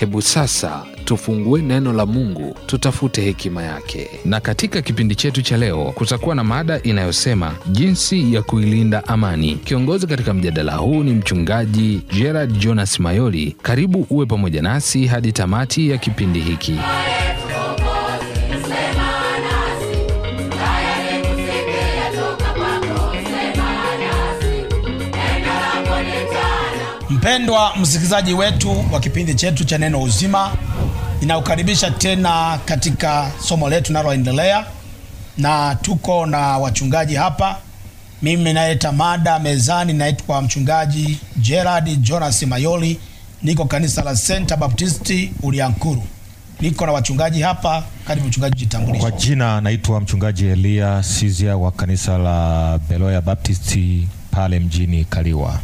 Hebu sasa tufungue neno la Mungu, tutafute hekima yake. Na katika kipindi chetu cha leo kutakuwa na mada inayosema jinsi ya kuilinda amani. Kiongozi katika mjadala huu ni mchungaji Gerard Jonas Mayoli. Karibu uwe pamoja nasi hadi tamati ya kipindi hiki. Mpendwa msikilizaji wetu wa kipindi chetu cha Neno Uzima, ninakukaribisha tena katika somo letu linaloendelea, na tuko na wachungaji hapa. Mimi naeta mada mezani, naitwa mchungaji Gerard Jonas Mayoli, niko kanisa la Senta Baptisti Uliankuru. Niko na wachungaji hapa. Karibu mchungaji, jitambulishe. Kwa jina naitwa mchungaji Elia Sizia wa kanisa la Beloya Baptisti pale mjini Kaliwa.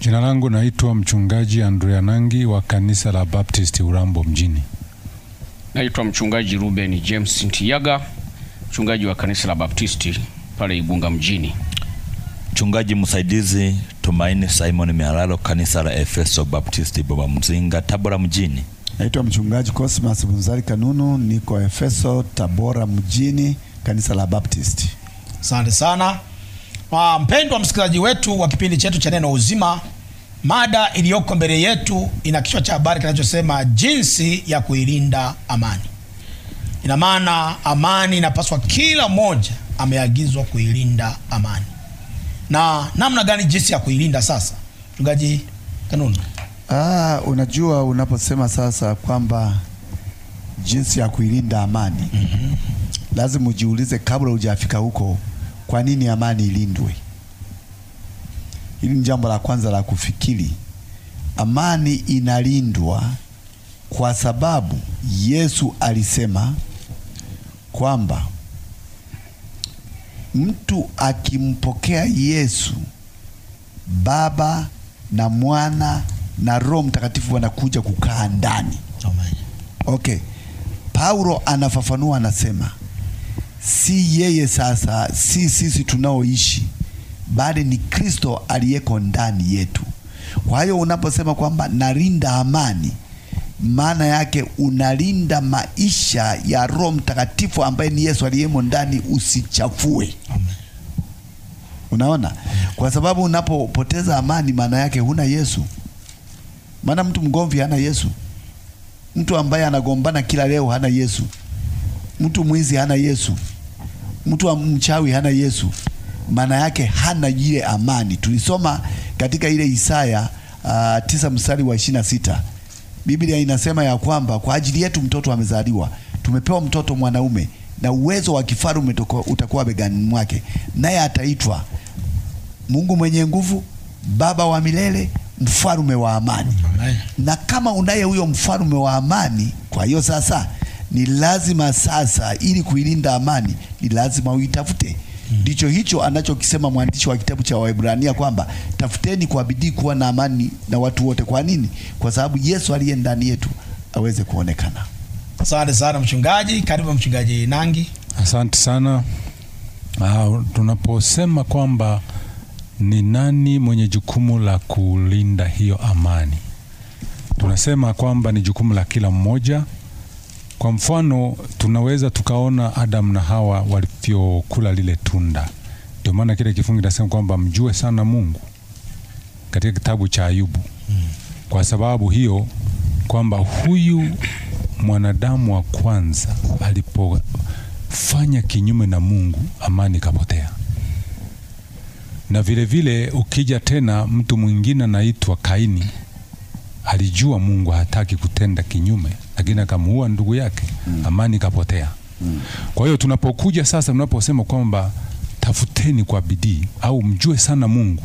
Jina langu naitwa mchungaji Andrea Nangi wa kanisa la Baptist Urambo mjini. Naitwa mchungaji Ruben James Ntiyaga, mchungaji wa kanisa la Baptist pale Igunga mjini. Mchungaji msaidizi Tumaini Simon Mialalo, kanisa la Efeso Baptist Baba Mzinga, Tabora mjini. Naitwa mchungaji Cosmas Bunzali Kanunu, niko Efeso Tabora mjini, kanisa la Baptist. Asante sana. Uh, mpendwa msikilizaji wetu wa kipindi chetu cha Neno Uzima, mada iliyoko mbele yetu ina kichwa cha habari kinachosema jinsi ya kuilinda amani. Ina maana amani inapaswa, kila mmoja ameagizwa kuilinda amani, na namna gani, jinsi ya kuilinda? Sasa mchungaji Kanuni. Ah, unajua unaposema sasa kwamba jinsi ya kuilinda amani mm -hmm. lazima ujiulize kabla hujafika huko kwa nini amani ilindwe? Hili ni jambo la kwanza la kufikiri. Amani inalindwa kwa sababu Yesu alisema kwamba mtu akimpokea Yesu, Baba na Mwana na Roho Mtakatifu wanakuja kukaa ndani. Amen. Okay. Paulo anafafanua anasema si yeye sasa, si sisi tunaoishi, bali ni Kristo aliyeko ndani yetu. Kwa hiyo unaposema kwamba nalinda amani, maana yake unalinda maisha ya Roho Mtakatifu ambaye ni Yesu aliyemo ndani, usichafue. Amen. Unaona, kwa sababu unapopoteza amani, maana yake huna Yesu. Maana mtu mgomvi hana Yesu, mtu ambaye anagombana kila leo hana Yesu, mtu mwizi hana Yesu mtu wa mchawi hana Yesu, maana yake hana ile amani. Tulisoma katika ile Isaya uh, tisa mstari wa ishirini na sita Biblia inasema ya kwamba kwa ajili yetu mtoto amezaliwa, tumepewa mtoto mwanaume, na uwezo wa kifalme utakuwa begani mwake, naye ataitwa Mungu mwenye nguvu, Baba wa milele, mfalme wa amani. Na kama unaye huyo mfalme wa amani, kwa hiyo sasa ni lazima sasa, ili kuilinda amani ni lazima uitafute. Hmm. Ndicho mm. hicho anachokisema mwandishi wa kitabu cha Waebrania kwamba tafuteni kwa bidii kuwa na amani na watu wote. Kwa nini? Kwa sababu Yesu aliye ndani yetu aweze kuonekana. Asante sana mchungaji. Karibu mchungaji Nangi. Asante sana. Ah, tunaposema kwamba ni nani mwenye jukumu la kulinda hiyo amani, tunasema kwamba ni jukumu la kila mmoja kwa mfano tunaweza tukaona Adam na Hawa walivyokula lile tunda. Ndio maana kile kifungu kinasema kwamba mjue sana Mungu katika kitabu cha Ayubu. Kwa sababu hiyo kwamba huyu mwanadamu wa kwanza alipofanya kinyume na Mungu, amani ikapotea. Na vile vile ukija tena mtu mwingine anaitwa Kaini, alijua Mungu hataki kutenda kinyume lakini akamuua ndugu yake mm. amani ikapotea mm. kwa hiyo tunapokuja sasa, tunaposema kwamba tafuteni kwa bidii au mjue sana Mungu,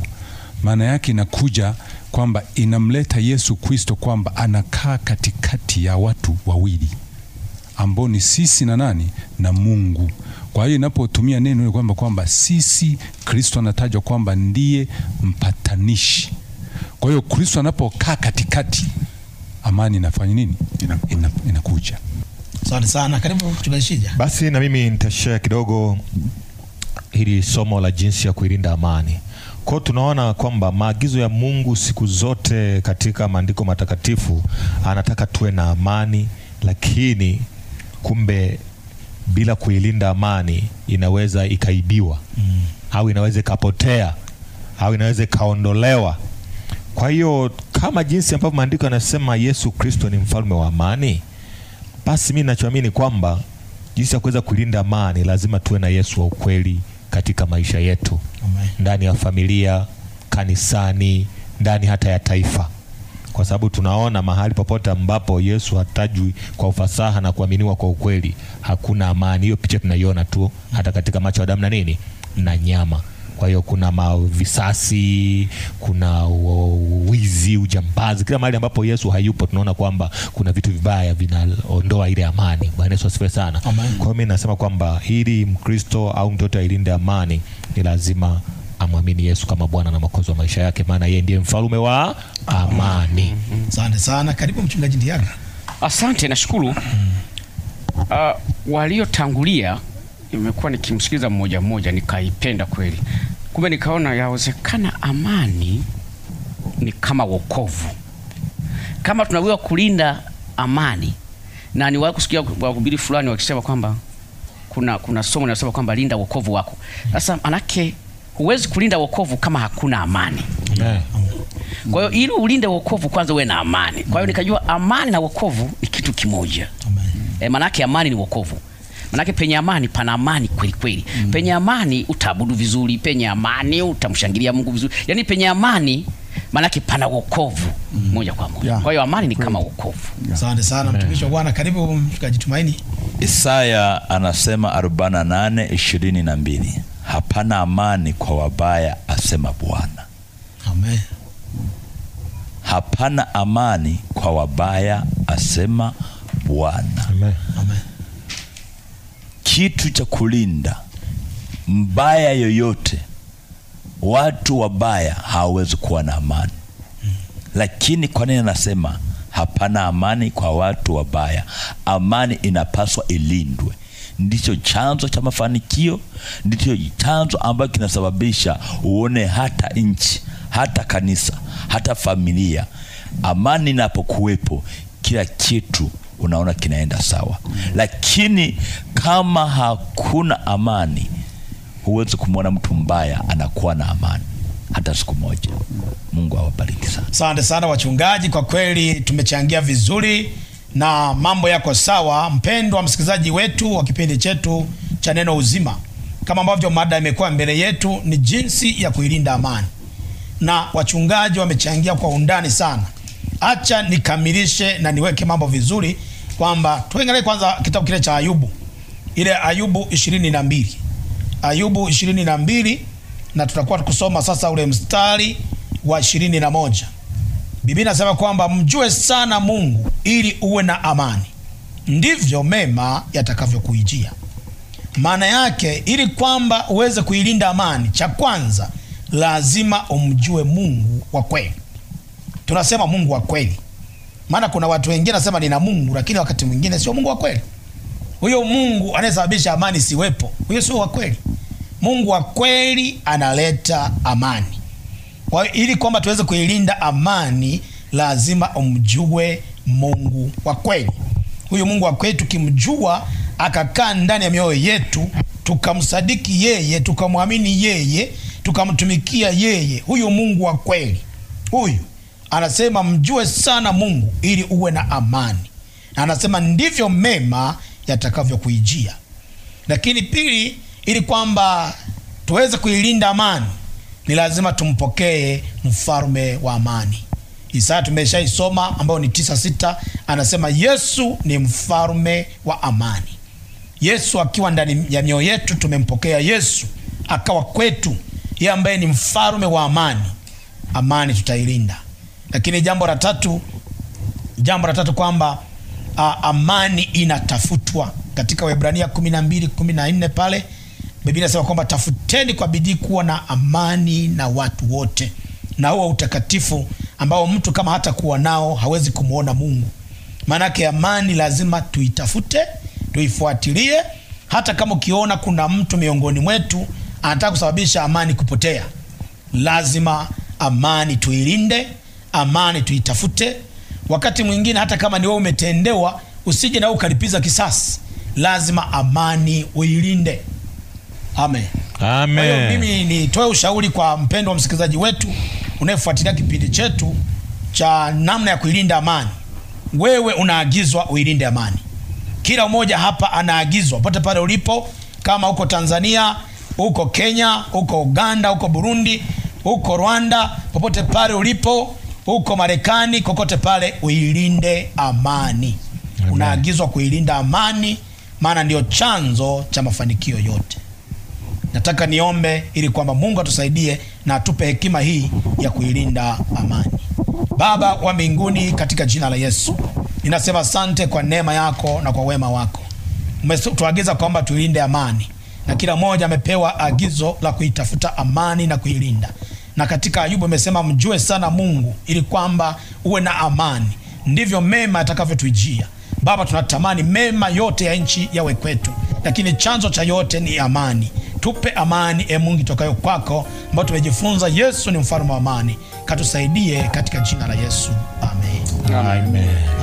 maana yake inakuja kwamba inamleta Yesu Kristo, kwamba anakaa katikati ya watu wawili ambao ni sisi na nani na Mungu. Kwa hiyo inapotumia neno kwamba kwamba sisi, Kristo anatajwa kwamba ndiye mpatanishi. Kwa hiyo Kristo anapokaa katikati amani inafanya nini? Inakuja. Asante sana. Karibu tumeshija. Basi na mimi nitashare kidogo hili somo la jinsi ya kuilinda amani. Kwa tunaona kwamba maagizo ya Mungu siku zote katika maandiko matakatifu anataka tuwe na amani, lakini kumbe bila kuilinda amani inaweza ikaibiwa, mm, au inaweza ikapotea au inaweza ikaondolewa. Kwa hiyo kama jinsi ambavyo maandiko yanasema Yesu Kristo ni mfalme wa amani, basi mimi ninachoamini kwamba jinsi ya kuweza kulinda amani lazima tuwe na Yesu wa ukweli katika maisha yetu Amen. Ndani ya familia, kanisani, ndani hata ya taifa, kwa sababu tunaona mahali popote ambapo Yesu hatajwi kwa ufasaha na kuaminiwa kwa ukweli, hakuna amani. Hiyo picha tunaiona tu hata katika macho ya damu na nini na nyama. Kwa hiyo kuna mavisasi, kuna wizi, ujambazi, kila mahali ambapo Yesu hayupo tunaona kwamba kuna vitu vibaya vinaondoa ile amani. Bwana Yesu asifiwe sana. Amen. Kwa hiyo mimi nasema kwamba ili Mkristo au mtoto ailinde amani ni lazima amwamini Yesu kama Bwana na Mwokozi wa maisha yake, maana yeye ndiye mfalume wa amani. Asante sana. Karibu mchungaji Ndiaga. Asante, nashukuru. Uh, waliotangulia imekuwa nikimsikiliza mmoja mmoja, nikaipenda kweli Kumbe nikaona yawezekana amani ni kama wokovu, kama tunaweza kulinda amani. Na niwahi kusikia wahubiri fulani wakisema kwamba kuna, kuna somo linasema kwamba linda wokovu wako. Sasa manake huwezi kulinda wokovu kama hakuna amani. Kwa hiyo ili ulinde wokovu kwanza uwe na amani. Kwa hiyo nikajua amani na wokovu ni kitu kimoja. Amen. E, manake amani ni wokovu. Manake penye amani pana amani kweli kweli. Mm. Penye amani utaabudu vizuri, penye amani utamshangilia Mungu vizuri. Yaani penye amani manake pana wokovu mm. moja kwa moja. Yeah. Kwa hiyo amani ni kama wokovu. Asante yeah. sana mtumishi wa Bwana. Karibu mchungaji Tumaini. Isaya anasema 48:22. Hapana amani kwa wabaya asema Bwana. Amen. Hapana amani kwa wabaya asema Bwana. Amen. Amen kitu cha kulinda mbaya yoyote. Watu wabaya hawawezi kuwa na amani Lakini kwa nini anasema hapana amani kwa watu wabaya? Amani inapaswa ilindwe, ndicho chanzo cha mafanikio, ndicho chanzo ambacho kinasababisha uone hata nchi, hata kanisa, hata familia, amani inapokuwepo kila kitu unaona kinaenda sawa, lakini kama hakuna amani, huwezi kumwona mtu mbaya anakuwa na amani hata siku moja. Mungu awabariki sana. Asante sana wachungaji, kwa kweli tumechangia vizuri na mambo yako sawa. Mpendwa msikilizaji wetu wa kipindi chetu cha Neno Uzima, kama ambavyo mada imekuwa mbele yetu ni jinsi ya kuilinda amani, na wachungaji wamechangia kwa undani sana acha nikamilishe na niweke mambo vizuri, kwamba tuangalie kwanza kitabu kile cha Ayubu, ile Ayubu ishirini na mbili Ayubu ishirini na mbili na tutakuwa tukusoma sasa ule mstari wa ishirini na moja. Biblia inasema kwamba mjue sana Mungu ili uwe na amani, ndivyo mema yatakavyokuijia. Maana yake ili kwamba uweze kuilinda amani, cha kwanza lazima umjue Mungu wa kweli tunasema Mungu wa kweli. Maana kuna watu wengine nasema nina Mungu, lakini wakati mwingine sio Mungu wa kweli. Huyo Mungu anayesababisha amani siwepo, huyo sio wa kweli. Mungu wa kweli analeta amani. Kwa hiyo ili kwamba tuweze kuilinda amani, lazima umjue Mungu wa kweli. Huyu Mungu wa kweli tukimjua, akakaa ndani ya mioyo yetu, tukamsadiki yeye, tukamwamini yeye, tukamtumikia yeye, huyu Mungu wa kweli huyu anasema mjue sana Mungu ili uwe na amani, na anasema ndivyo mema yatakavyokuijia. Lakini pili, ili kwamba tuweze kuilinda amani ni lazima tumpokee mfalme wa amani. Isaya tumeshaisoma ambayo ni tisa sita, anasema Yesu ni mfalme wa amani. Yesu akiwa ndani ya mioyo yetu, tumempokea Yesu akawa kwetu, yeye ambaye ni mfalme wa amani. Amani tutailinda. Lakini jambo la tatu, jambo la tatu kwamba a, amani inatafutwa katika Waebrania 12 14 pale Biblia inasema kwamba tafuteni kwa bidii kuwa na amani na watu wote na huo utakatifu ambao mtu kama hata kuwa nao hawezi kumwona Mungu. Maanake amani lazima tuitafute, tuifuatilie. Hata kama ukiona kuna mtu miongoni mwetu anataka kusababisha amani kupotea, lazima amani tuilinde, amani tuitafute. Wakati mwingine hata kama ni wewe umetendewa, usije na ukalipiza kisasi, lazima amani uilinde. Amen. Amen. Kwa hiyo mimi nitoe ushauri kwa mpendo wa msikilizaji wetu unayefuatilia kipindi chetu cha namna ya kuilinda amani. Wewe unaagizwa uilinde amani, kila mmoja hapa anaagizwa pote pale ulipo, kama uko Tanzania, uko Kenya, uko Uganda, uko Burundi, uko Rwanda, popote pale ulipo huko Marekani, kokote pale, uilinde amani. Unaagizwa kuilinda amani, maana ndiyo chanzo cha mafanikio yote. Nataka niombe ili kwamba Mungu atusaidie na atupe hekima hii ya kuilinda amani. Baba wa mbinguni, katika jina la Yesu ninasema asante kwa neema yako na kwa wema wako. Umetuagiza kwamba tuilinde amani, na kila mmoja amepewa agizo la kuitafuta amani na kuilinda na katika Ayubu amesema mjue sana Mungu ili kwamba uwe na amani, ndivyo mema atakavyotuijia. Baba, tunatamani mema yote ya nchi yawe kwetu, lakini chanzo cha yote ni amani. Tupe amani, e Mungu, itokayo kwako, ambayo tumejifunza Yesu ni mfalme wa amani. Katusaidie katika jina la Yesu, amen, amen. amen.